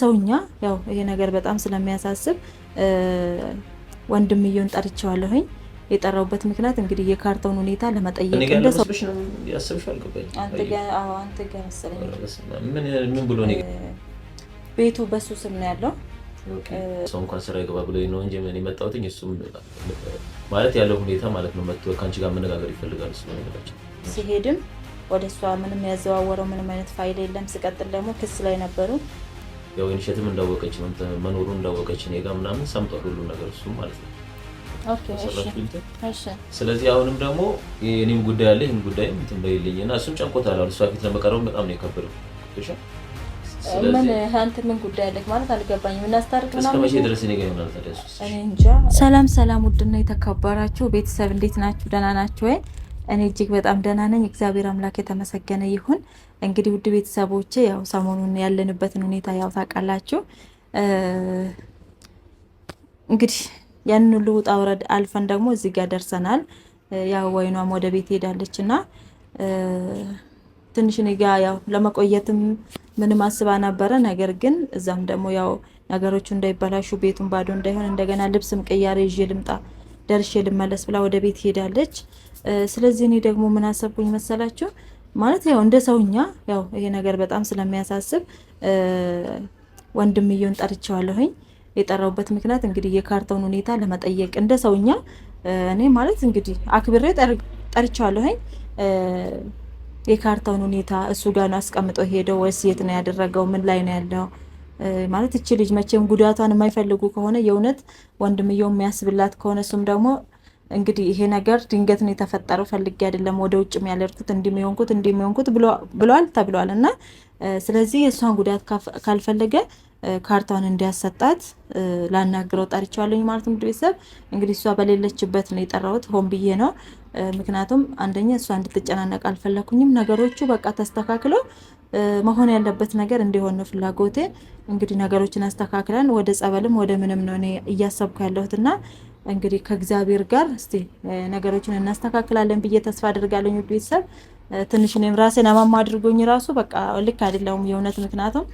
ሰውኛ ያው ይሄ ነገር በጣም ስለሚያሳስብ ወንድምየውን ጠርቼዋለሁኝ። የጠራውበት ምክንያት እንግዲህ የካርታውን ሁኔታ ለመጠየቅ ቤቱ በሱ ስም ነው ያለው። ሰው እንኳን ስራ ይገባ ብሎ ነው እንጂ ምን የመጣሁት እሱም ማለት ያለው ሁኔታ ማለት ነው። መጥቶ ከአንቺ ጋር መነጋገር ይፈልጋል። ስለሆነቸው ሲሄድም ወደ እሷ ምንም ያዘዋወረው ምንም አይነት ፋይል የለም። ስቀጥል ደግሞ ክስ ላይ ነበሩ ያው ኢኒሼቲቭ እንዳወቀች መኖሩን እንዳወቀች እኔ ጋር ምናምን ሰምቷል ሁሉ ነገር እሱ ማለት ነው። ስለዚህ አሁንም ደግሞ እኔም ጉዳይ አለ ይህም ጉዳይም እንትን በይልኝ እና እሱም ጨንቆታል። አሁን እሷ ፊት ለመቀረብ በጣም ነው የከበደው። ሰላም ሰላም፣ ውድና የተከበራችሁ ቤተሰብ እንዴት ናችሁ? ደህና ናችሁ ወይ? እኔ እጅግ በጣም ደህና ነኝ። እግዚአብሔር አምላክ የተመሰገነ ይሁን። እንግዲህ ውድ ቤተሰቦች ያው ሰሞኑን ያለንበትን ሁኔታ ያው ታውቃላችሁ። እንግዲህ ያንን ሁሉ ውጣ ውረድ አልፈን ደግሞ እዚህ ጋር ደርሰናል። ያው ወይኗም ወደ ቤት ሄዳለች እና ትንሽ እኔ ጋ ያው ለመቆየትም ምንም አስባ ነበረ። ነገር ግን እዛም ደግሞ ያው ነገሮቹ እንዳይበላሹ ቤቱን ባዶ እንዳይሆን እንደገና ልብስም ቅያሬ ይዤ ልምጣ ደርሼ ልመለስ ብላ ወደ ቤት ሄዳለች። ስለዚህ እኔ ደግሞ ምን አሰብኩኝ መሰላችሁ ማለት ያው እንደ ሰውኛ ያው ይሄ ነገር በጣም ስለሚያሳስብ ወንድምየውን ጠርቼዋለሁኝ። የጠራውበት ምክንያት እንግዲህ የካርታውን ሁኔታ ለመጠየቅ እንደ ሰውኛ እኔ ማለት እንግዲህ አክብሬ ጠርቼዋለሁኝ። የካርታውን ሁኔታ እሱ ጋር ነው አስቀምጦ ሄደው ወይስ የት ነው ያደረገው? ምን ላይ ነው ያለው? ማለት እቺ ልጅ መቼም ጉዳቷን የማይፈልጉ ከሆነ የእውነት ወንድምየው የሚያስብላት ከሆነ እሱም ደግሞ እንግዲህ ይሄ ነገር ድንገት ነው የተፈጠረው፣ ፈልጌ አይደለም ወደ ውጭ የሚያደርጉት ውጭም ያለርኩት እንዲሚሆንኩት እንዲሚሆንኩት ብለዋል ተብለዋል። እና ስለዚህ የእሷን ጉዳት ካልፈለገ ካርታውን እንዲያሰጣት ላናግረው ጠርቻለሁ ማለት ነው። ቤተሰብ እንግዲህ እሷ በሌለችበት ነው የጠራሁት፣ ሆን ብዬ ነው። ምክንያቱም አንደኛ እሷ እንድትጨናነቅ አልፈለኩኝም። ነገሮቹ በቃ ተስተካክሎ መሆን ያለበት ነገር እንዲሆን ነው ፍላጎቴ። እንግዲህ ነገሮችን አስተካክለን ወደ ጸበልም ወደ ምንም ነው እኔ እያሰብኩ ያለሁት እና እንግዲህ ከእግዚአብሔር ጋር እስቲ ነገሮችን እናስተካክላለን ብዬ ተስፋ አድርጋለኝ። ውድ ቤተሰብ ትንሽ እኔም ራሴን አማማ አድርጎኝ ራሱ በቃ ልክ አይደለሁም የእውነት ምክንያቱም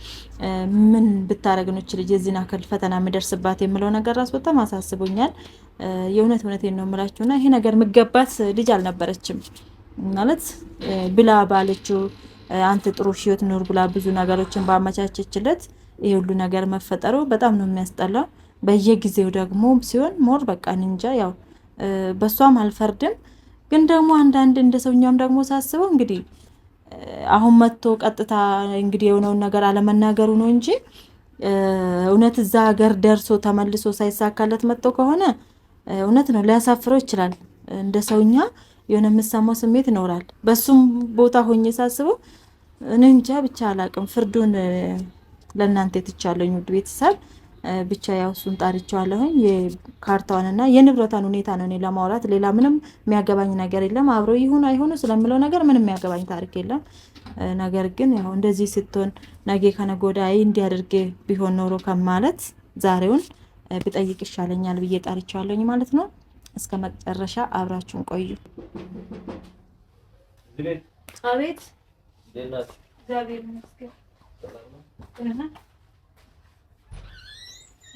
ምን ብታረግ ነው ልጅ የዚህን አክል ፈተና የምደርስባት የምለው ነገር ራሱ በጣም አሳስቦኛል። የእውነት እውነቴን ነው የምላችሁና ይሄ ነገር ምገባት ልጅ አልነበረችም ማለት ብላ ባለችው አንተ ጥሩ ህይወት ኑር ብላ ብዙ ነገሮችን ባመቻቸችለት ይህ ሁሉ ነገር መፈጠሩ በጣም ነው የሚያስጠላው። በየጊዜው ደግሞ ሲሆን ሞር በቃ እንጃ ያው በእሷም አልፈርድም። ግን ደግሞ አንዳንድ እንደ ሰውኛም ደግሞ ሳስበው እንግዲህ አሁን መጥቶ ቀጥታ እንግዲህ የሆነውን ነገር አለመናገሩ ነው እንጂ እውነት እዛ ሀገር ደርሶ ተመልሶ ሳይሳካለት መጥቶ ከሆነ እውነት ነው ሊያሳፍረው ይችላል። እንደ ሰውኛ የሆነ የምሰማው ስሜት ይኖራል። በሱም ቦታ ሆኜ ሳስበው እኔ እንጃ ብቻ አላቅም። ፍርዱን ለእናንተ የትቻለኝ ውድ ቤተሰብ ብቻ ያው እሱን ጣርቸዋለሁኝ። የካርታዋንና የንብረቷን ሁኔታ ነው እኔ ለማውራት ሌላ ምንም የሚያገባኝ ነገር የለም። አብሮ ይሁን አይሆኑ ስለምለው ነገር ምንም የሚያገባኝ ታሪክ የለም። ነገር ግን ያው እንደዚህ ስትሆን ነገ ከነጎዳ ወዲያ እንዲያደርግ ቢሆን ኖሮ ከማለት ዛሬውን ብጠይቅ ይሻለኛል ብዬ ጣርቸዋለሁኝ ማለት ነው። እስከ መጨረሻ አብራችሁን ቆዩ። አቤት እግዚአብሔር ይመስገን።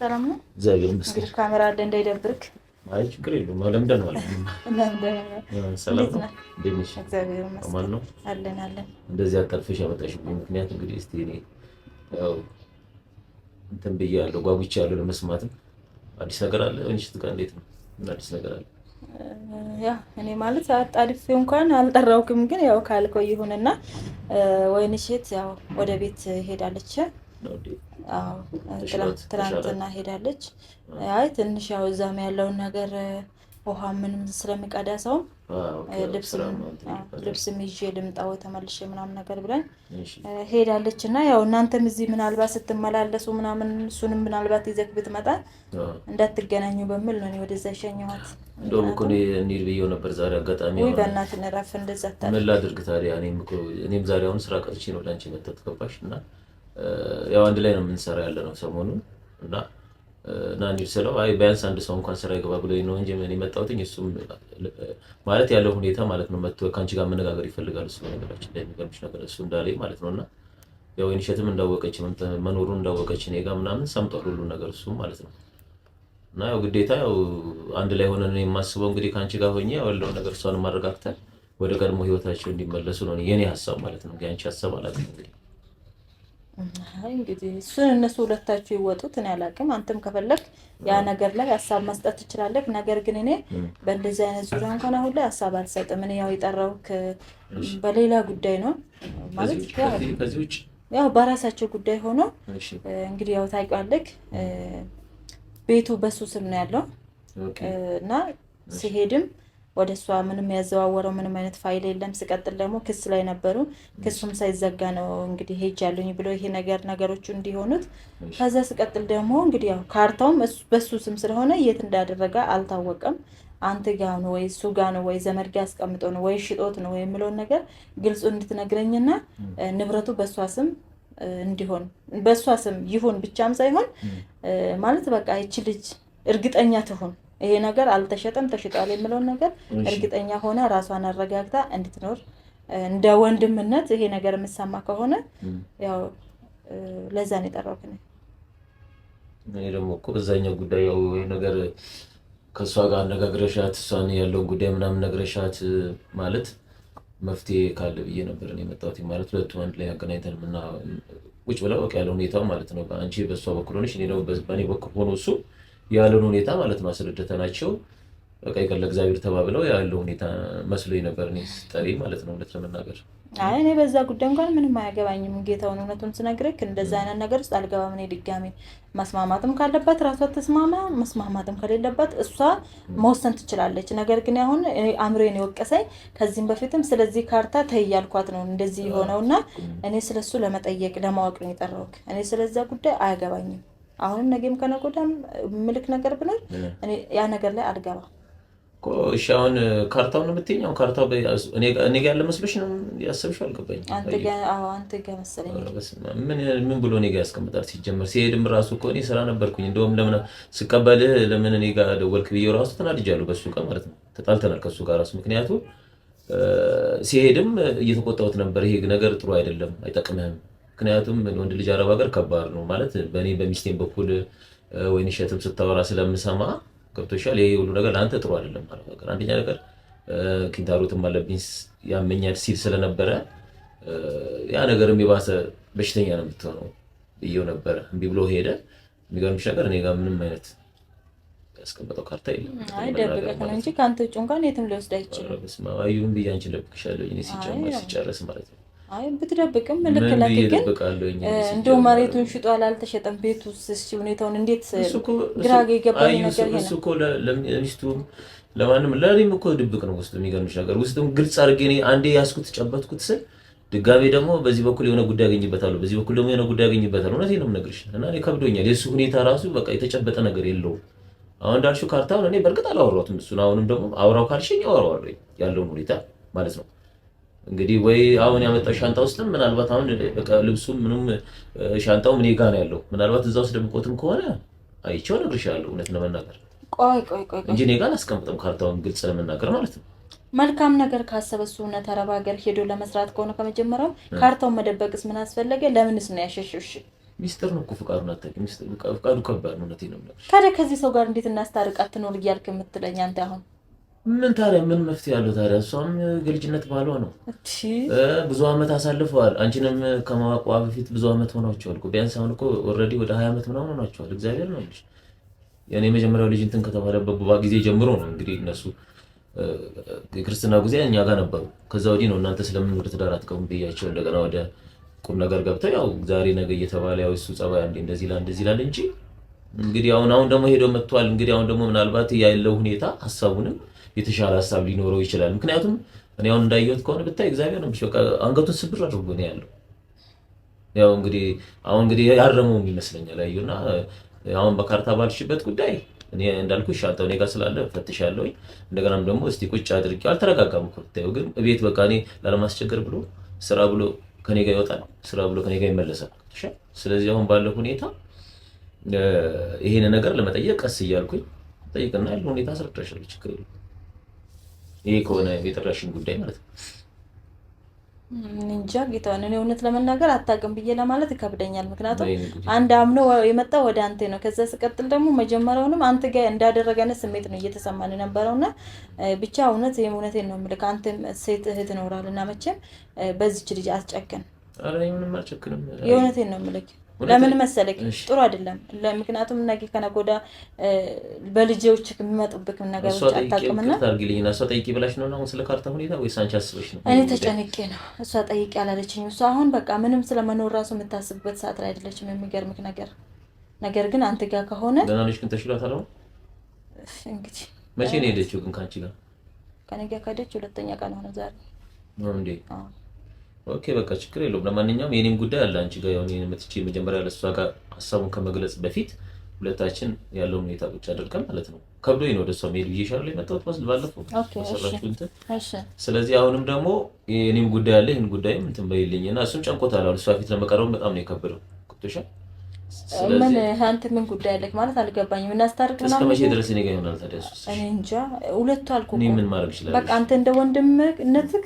ሰላም ነው፣ እግዚአብሔር ይመስገን። ካሜራ አለ እንዳይደብርክ። አይ ችግር የለውም። ለምደን ማለት ነው። ሰላም ነው፣ እግዚአብሔር ይመስገን። አለን አለን። እንደዚህ አቀርፍሽ ያመጣሽብኝ ምክንያት እንግዲህ እስቲ እኔ ያው እንትን ብያለሁ፣ ጓጉቻለሁ ለመስማትም። አዲስ ነገር አለ እንሽት ጋር እንዴት ነው? ምን አዲስ ነገር አለ? ያ እኔ ማለት አጣድፌ እንኳን አልጠራውክም፣ ግን ያው ካልቆይ ይሁንና ወይንሽት ያው ወደ ቤት ሄዳለች ትናንትና ሄዳለች። አይ ትንሽ ያው እዛም ያለውን ነገር ውሃ ምንም ስለሚቀዳ ሰውም ልብስም ይዤ ልምጣው ተመልሼ ምናምን ነገር ብለን ሄዳለች። እና ያው እናንተም እዚህ ምናልባት ስትመላለሱ ምናምን እሱንም ምናልባት ይዘክ ብትመጣ እንዳትገናኙ በሚል ነው ወደዛ ሸኘኋት። እንደውም እኮ እንሂድ ብዬው ነበር ዛሬ አጋጣሚ በእናትህ እረፍ እንደዛ ምን ላድርግ ታዲያ? እኔም ዛሬ አሁን ስራ ቀጥቼ ነው ላንቺ መተት ገባሽ እና ያው አንድ ላይ ነው የምንሰራ ያለ ነው ሰሞኑን እና ናኒር ስለው አይ ቢያንስ አንድ ሰው እንኳን ስራ ይገባ ብሎ ነው እንጂ ምን የመጣሁትኝ እሱም ማለት ያለው ሁኔታ ማለት ነው መጥቶ ከአንቺ ጋር መነጋገር ይፈልጋል። እሱ ነገራችን ላይ የሚገርምሽ ነገር እሱ እንዳለ ማለት ነው እና ያው ኢኒሼቲቭም እንዳወቀች መኖሩን እንዳወቀች እኔ ጋር ምናምን ሰምቷል ሁሉ ነገር እሱ ማለት ነው እና ያው ግዴታ ያው አንድ ላይ ሆነን ነው የማስበው እንግዲህ ከአንቺ ጋር ሆኜ ያው ያለውን ነገር እሷን ማረጋግተን ወደ ቀድሞ ህይወታቸው እንዲመለሱ ነው የኔ ሀሳብ ማለት ነው። አንቺ ሀሳብ አላውቅም እንግዲህ እንግዲህ እሱን እነሱ ሁለታችሁ ይወጡት። እኔ አላውቅም። አንተም ከፈለግ ያ ነገር ላይ ሀሳብ መስጠት ትችላለህ። ነገር ግን እኔ በእንደዚህ አይነት ዙሪያ እንኳን አሁን ላይ ሀሳብ አልሰጥም። እኔ ያው የጠራሁት በሌላ ጉዳይ ነው ማለት ያው በራሳቸው ጉዳይ ሆኖ እንግዲህ ያው ታውቂዋለህ፣ ቤቱ በሱ ስም ነው ያለው እና ሲሄድም ወደ እሷ ምንም ያዘዋወረው ምንም አይነት ፋይል የለም። ስቀጥል ደግሞ ክስ ላይ ነበሩ። ክሱም ሳይዘጋ ነው እንግዲህ ሄጃለሁኝ ብሎ ይሄ ነገር ነገሮቹ እንዲሆኑት ከዛ ስቀጥል ደግሞ እንግዲህ ያው ካርታውም በሱ ስም ስለሆነ የት እንዳደረገ አልታወቀም። አንተ ጋ ነው ወይ እሱ ጋ ነው ወይ ዘመድ ጋ አስቀምጦ ነው ወይ ሽጦት ነው የሚለውን ነገር ግልጹ እንድትነግረኝና ንብረቱ በእሷ ስም እንዲሆን በእሷ ስም ይሁን ብቻም ሳይሆን ማለት በቃ ይች ልጅ እርግጠኛ ትሁን ይሄ ነገር አልተሸጠም ተሽጧል የምለውን ነገር እርግጠኛ ሆነ ራሷን አረጋግታ እንድትኖር እንደ ወንድምነት ይሄ ነገር የምሰማ ከሆነ ያው ለዛ ነው የጠራሁት። እኔ ደግሞ እኮ በዛኛው ጉዳይ ያው ይሄ ነገር ከእሷ ጋር አነጋግረሻት እሷን ያለውን ጉዳይ ምናምን ነግረሻት ማለት መፍትሄ ካለ ብዬ ነበር እኔ የመጣሁት። ማለት ሁለቱም አንድ ላይ አገናኝተን ምና ቁጭ ብላ ያለው ሁኔታው ማለት ነው። አንቺ በእሷ በኩል ሆነሽ እኔ ደግሞ በእኔ በኩል ሆኖ እሱ ያለን ሁኔታ ማለት ነው አስረድተናቸው በቃ ይቅር ለእግዚአብሔር ተባብለው ያለው ሁኔታ መስሎ ነበር እኔ ስጠሪ ማለት ነው እውነት ለመናገር እኔ በዛ ጉዳይ እንኳን ምንም አያገባኝም። ጌታውን እውነቱን ስነግርህ እንደዛ አይነት ነገር ውስጥ አልገባም። እኔ ድጋሜ መስማማትም ካለባት ራሷ ተስማማ፣ መስማማትም ከሌለባት እሷ መወሰን ትችላለች። ነገር ግን አሁን አእምሮዬን የወቀሰኝ ከዚህም በፊትም ስለዚህ ካርታ ተይ ያልኳት ነው እንደዚህ የሆነውና እኔ ስለሱ ለመጠየቅ ለማወቅ ነው የጠራሁት። እኔ ስለዛ ጉዳይ አያገባኝም። አሁንም ነገም ከነጎዳም ምልክ ነገር ብለህ ያ ነገር ላይ አልገባም። እሺ አሁን ካርታው ነው የምትይኝ? አሁን ካርታው እኔ ጋ ያለ መስሎሽ ነው ያሰብሽው? አልገባኝም። አንተ ምን ብሎ እኔ ጋ ያስቀምጣል? ሲጀመር ሲሄድም ራሱ እኮ እኔ ስራ ነበርኩኝ። እንደውም ለምን ስቀበልህ ለምን እኔ ጋ ደወልክ ብዬ ራሱ ተናድጃለሁ። በሱ ጋር ማለት ነው ተጣልተናል ከሱ ጋር ራሱ ምክንያቱ ሲሄድም እየተቆጣሁት ነበር። ይሄ ነገር ጥሩ አይደለም፣ አይጠቅምህም ምክንያቱም ወንድ ልጅ አረብ ሀገር ከባድ ነው ማለት በእኔ በሚስቴን በኩል ወይን እሸትም ስታወራ ስለምሰማ ገብቶሻል። ይሄ ሁሉ ነገር ለአንተ ጥሩ አይደለም። አረብ ሀገር አንደኛ ነገር ኪንታሮትም አለብኝ ያመኛል ሲል ስለነበረ ያ ነገርም የባሰ በሽተኛ ነው የምትሆነው ብዬው ነበረ። እምቢ ብሎ ሄደ። የሚገርምሽ ነገር እኔ ጋር ምንም አይነት ያስቀመጠው ካርታ የለም። ደብቀህ ነው እንጂ ከአንተ ውጭ እንኳን የትም ሊወስድ አይችልም። አዩም ብዬ አንቺን ለብቅሻለሁ ሲጨርስ ማለት ነው አይ ብትደብቅም ልክ ግን እንደው መሬቱን ሽጦ አላልተሸጠም። ቤቱ ስ ሁኔታውን እንዴት ግራ የገባኝ ነገር እሱ እኮ ለሚስቱም ለማንም ለእኔም እኮ ድብቅ ነው ውስጥ። የሚገርምሽ ነገር ውስጥም ግልጽ አድርጌ እኔ አንዴ ያስኩት ጨበትኩት ስል ድጋሜ ደግሞ በዚህ በኩል የሆነ ጉዳይ አገኝበታለሁ፣ በዚህ በኩል ደግሞ የሆነ ጉዳይ አገኝበታለሁ። እውነቴን ነው የምነግርሽ እና እኔ ከብዶኛል። የእሱ ሁኔታ ራሱ በቃ የተጨበጠ ነገር የለውም። አሁን እንዳልሽው ካርታውን እኔ በእርግጥ አላወራሁትም እሱን። አሁንም ደግሞ አውራው ካልሽኝ አወራዋለሁ ያለውን ሁኔታ ማለት ነው እንግዲህ ወይ አሁን ያመጣው ሻንጣ ውስጥም ምናልባት አሁን ልብሱም ምንም ሻንጣው እኔ ጋ ነው ያለው። ምናልባት እዛ ውስጥ ደምቆትም ከሆነ አይቼው እነግርሻለሁ። እውነት ለመናገር ቆይ ቆይ ቆይ እንጂ እኔ ጋር አስቀምጥም ካርታውን፣ ግልጽ ለመናገር ማለት ነው። መልካም ነገር ካሰበ እሱ እውነት አረብ ሀገር ሄዶ ለመስራት ከሆነ ከመጀመሪያው ካርታውን መደበቅስ ምን አስፈለገ? ለምንስ ነው ያሸሸሽ? ሚስጥር ነው እኮ ፍቃዱን አታውቂም። ፍቃዱ ከባድ ነው። እውነቴን ነው የምነግርሽ። ታዲያ ከዚህ ሰው ጋር እንዴት እናስታርቃት ትኖር እያልክ የምትለኝ አንተ አሁን ምን ታዲያ ምን መፍትሄ ያለው ታዲያ? እሷም የልጅነት ባሏ ነው፣ ብዙ አመት አሳልፈዋል። አንቺንም ከማዋቋ በፊት ብዙ አመት ሆኗቸዋል። ቢያንስ አሁን እኮ ኦልሬዲ ወደ ሀያ ዓመት ምናምን ሆኗቸዋል። እግዚአብሔር ነው ልጅ የኔ የመጀመሪያው ልጅ እንትን ከተባለበት ጊዜ ጀምሮ ነው እንግዲህ እነሱ የክርስትና ጊዜ እኛ ጋር ነበሩ። ከዛ ወዲህ ነው እናንተ ስለምን ወደ ትዳር አትገቡም ብያቸው እንደገና ወደ ቁም ነገር ገብተው ያው ዛሬ ነገ እየተባለ ያው እሱ ጸባይ አንዴ እንደዚህ ላ እንደዚህ ላል እንጂ እንግዲህ አሁን አሁን ደግሞ ሄደው መጥቷል። እንግዲህ አሁን ደግሞ ምናልባት ያለው ሁኔታ ሀሳቡንም የተሻለ ሀሳብ ሊኖረው ይችላል። ምክንያቱም እኔ አሁን እንዳየሁት ከሆነ ብታይ እግዚአብሔር ነው በቃ አንገቱን ስብር አድርጎ ነው ያለው። ያው እንግዲህ አሁን እንግዲህ ያረመውም ይመስለኛል አዩና፣ አሁን በካርታ ባልሽበት ጉዳይ እኔ እንዳልኩ ሻንጣው እኔ ጋር ስላለ ፈትሻለሁ። እንደገናም ደግሞ እስቲ ቁጭ አድርጌ አልተረጋጋም እኮ ብታዩ፣ ግን ቤት በቃ እኔ ላለማስቸገር ብሎ ስራ ብሎ ከኔ ጋር ይወጣል፣ ስራ ብሎ ከኔ ጋር ይመለሳል። ስለዚህ አሁን ባለው ሁኔታ ይሄን ነገር ለመጠየቅ ቀስ እያልኩኝ ጠይቅና ያለ ሁኔታ አስረዳሻለሁ። ችግር የለም። ይሄ ከሆነ የጠራሽን ጉዳይ ማለት ነው። እንጃ ጌታ እኔ እውነት ለመናገር አታውቅም ብዬ ለማለት ይከብደኛል። ምክንያቱም አንድ አምኖ የመጣ ወደ አንተ ነው። ከዛ ስቀጥል ደግሞ መጀመሪያውንም አንተ ጋር እንዳደረገ ስሜት ነው እየተሰማን የነበረውና ብቻ እውነት እውነቴን ነው የምልህ አንተ ሴት እህት ኖራል እና መቼም በዚች ልጅ አስጨክን። ምንም አልጨክንም። የእውነቴን ነው የምልህ ለምን መሰለህ ጥሩ አይደለም። ምክንያቱም ነገ ከነገ ወዲያ በልጆች የሚመጡብክ ነገሮች አታውቅምና እሷ ጠይቂ ብላሽ ነው አሁን ስለ ካርታ ሁኔታ ወይስ አንቺ አስበሽ ነው? እኔ ተጨንቄ ነው እሷ ጠይቂ አላለችኝ። እሷ አሁን በቃ ምንም ስለመኖር ራሱ የምታስብበት ሰዓት ላይ አይደለችም። የሚገርምክ ነገር ነገር ግን አንተ ጋር ከሆነ ደህና ነሽ ግን ተሽሏታል። አሁን እንግዲህ መቼ ነው የሄደችው ግን ከአንቺ ጋር? ከነገ ከሄደች ሁለተኛ ቀን ሆነ ዛሬ እንዴ? ኦኬ በቃ ችግር የለውም። ለማንኛውም የኔም ጉዳይ አለ አንቺ ጋር የሆነ መትቼ መጀመሪያ ለሷ ጋር ሀሳቡን ከመግለጽ በፊት ሁለታችን ያለውን ሁኔታ ቁጭ አድርገን ማለት ነው። ከብዶ ነው ወደሷ መሄድ ብዬሻለሁ የመጣሁት ባለፈው ሰራችሁ እንትን። ስለዚህ አሁንም ደግሞ የኔም ጉዳይ አለ። ይህን ጉዳይም እንትን በይልኝ እና እሱም ጨንቆታል። አሁን እሷ ፊት ለመቀረቡ በጣም ነው የከበደው። ገብቶሻል ምን አንተ ምን ጉዳይ አለህ ማለት አልገባኝም። እናስታርቅ ምናምን እስከመቼ ድረስ እኔ ጋር ይሆናል ታዲያ? እኔ እንጃ። ሁለቱ አልኩህ እኮ ምን ማድረግ ይችላል። በቃ አንተ እንደ ወንድምነትህ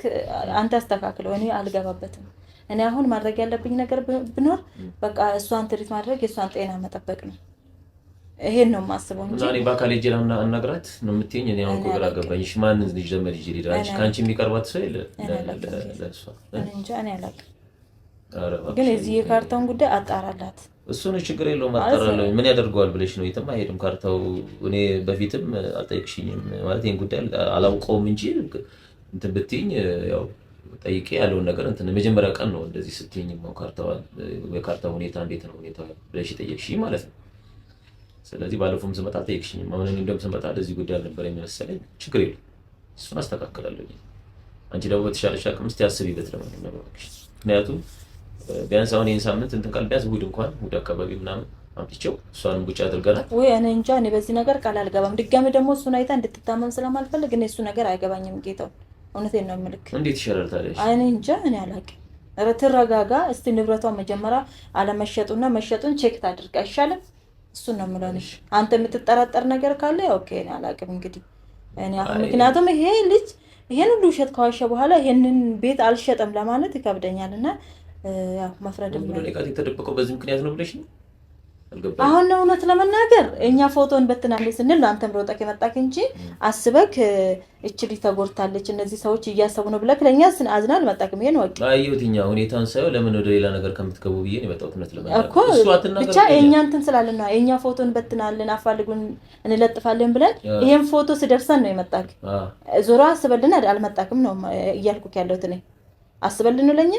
አንተ አስተካክለው። እኔ አልገባበትም። እኔ አሁን ማድረግ ያለብኝ ነገር ብኖር በቃ እሷን ትሪት ማድረግ የእሷን ጤና መጠበቅ ነው። ይሄን ነው የማስበው እንጂ ዛሬ በአካል ሄጄ እናግራት ነው የምትይኝ? እኔ አሁን እኮ ግራ ገባኝ። እሺ ማንን ልጅ ዘመድ ይዤ ልሂድ? አንቺ ከአንቺ የሚቀርባት ሰው የለ ለእሷ? እኔ አላውቅም፣ ግን የዚህ የካርታውን ጉዳይ አጣራላት። እሱ ነው ችግር የለውም አጣራለሁኝ። ምን ያደርገዋል ብለሽ ነው? የትም አይሄድም ካርታው። እኔ በፊትም አልጠየቅሽኝም ማለት ይህን ጉዳይ አላውቀውም እንጂ እንትን ብትይኝ ያው ጠይቄ ያለውን ነገር እንትን መጀመሪያ ቀን ነው እንደዚህ ስትይኝ የካርታው ሁኔታ እንዴት ነው ሁኔታ ብለሽ ጠየቅሽኝ ማለት ነው። ስለዚህ ባለፈውም ስመጣ አልጠየቅሽኝም። አሁን እንደውም ስመጣ እንደዚህ ጉዳይ አልነበር የሚመሰለኝ። ችግር የለም እሱን አስተካክላለሁ። አንቺ ደግሞ በተሻለሽ አቅም እስኪ አስቢበት ለማንኛውም፣ ምክንያቱም ቢያንስ አሁን ይህን ሳምንት እንትን ቃል ቢያንስ እሑድ እንኳን እሑድ አካባቢ ምናምን አምጥቼው እሷንም ቡጭ አድርገናል። ወይ እኔ እንጃ እኔ በዚህ ነገር ቃል አልገባም። ድጋሚ ደግሞ እሱን አይታ እንድትታመም ስለማልፈልግ እኔ እሱ ነገር አይገባኝም። ጌታው እውነቴን ነው የምልክ። እንዴት ይሻላል ታዲያ? እኔ እንጃ እኔ አላውቅም። ኧረ ትረጋጋ እስቲ። ንብረቷ መጀመሪያ አለመሸጡና መሸጡን ቼክ ታድርግ አይሻልም? እሱን ነው የምለንሽ። አንተ የምትጠራጠር ነገር ካለ ኦኬ። እኔ አላውቅም እንግዲህ እኔ አሁን ምክንያቱም ይሄ ልጅ ይሄን ሁሉ ውሸት ከዋሸ በኋላ ይሄንን ቤት አልሸጠም ለማለት ይከብደኛል እና ማስረድ የተደበቀው በዚህ ምክንያት ነው ብለሽ አሁን እውነት ለመናገር እኛ ፎቶን በትናለች ስንል አንተም ሮጠክ የመጣክ እንጂ አስበክ እች ልጅ ተጎድታለች እነዚህ ሰዎች እያሰቡ ነው ብለክ ለእኛ አዝናል አልመጣክም። ይሄን ወቅ አየሁትኛ ሁኔታን ሳይሆን ለምን ወደ ሌላ ነገር ከምትገቡ ብዬ የመጣሁት እውነት ለመናገር ብቻ የእኛ እንትን ስላለን የእኛ ፎቶን በትናለን አፋልጉን እንለጥፋለን ብለን ይሄን ፎቶ ስደርሰን ነው የመጣክ ዞሮ አስበልን አልመጣክም ነው እያልኩክ ያለሁት እኔ አስበልን ለኛ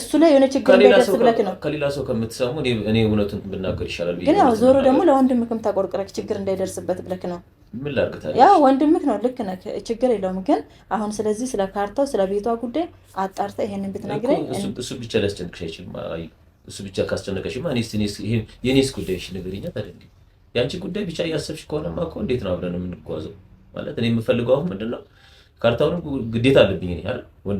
እሱ ላይ የሆነ ችግር እንዳይደርስ ብለህ ነው። ከሌላ ሰው ከምትሰሙ እኔ እውነቱን ብናገር ይሻላል። ግን ያው ዞሮ ደግሞ ለወንድምክም ታቆርቅረህ ችግር እንዳይደርስበት ብለህ ነው። ምን ላድርግ ያው ወንድምክ ነው፣ ልክ ነህ፣ ችግር የለውም። ግን አሁን ስለዚህ ስለ ካርታው ስለ ቤቷ ጉዳይ አጣርተህ ይሄንን ብትነግረኝ። እሱ ብቻ ሊያስጨንቅሽ አይችልም። እሱ ብቻ ካስጨነቀሽማ የኔስ ጉዳይሽ ንገሪኝ። ታዲያ የአንቺ ጉዳይ ብቻ እያሰብሽ ከሆነማ እኮ እንዴት ነው አብረን የምንጓዘው? ማለት እኔ የምፈልገው አሁን ምንድን ነው ካርታውን ግዴታ አለብኝ እኔ አይደል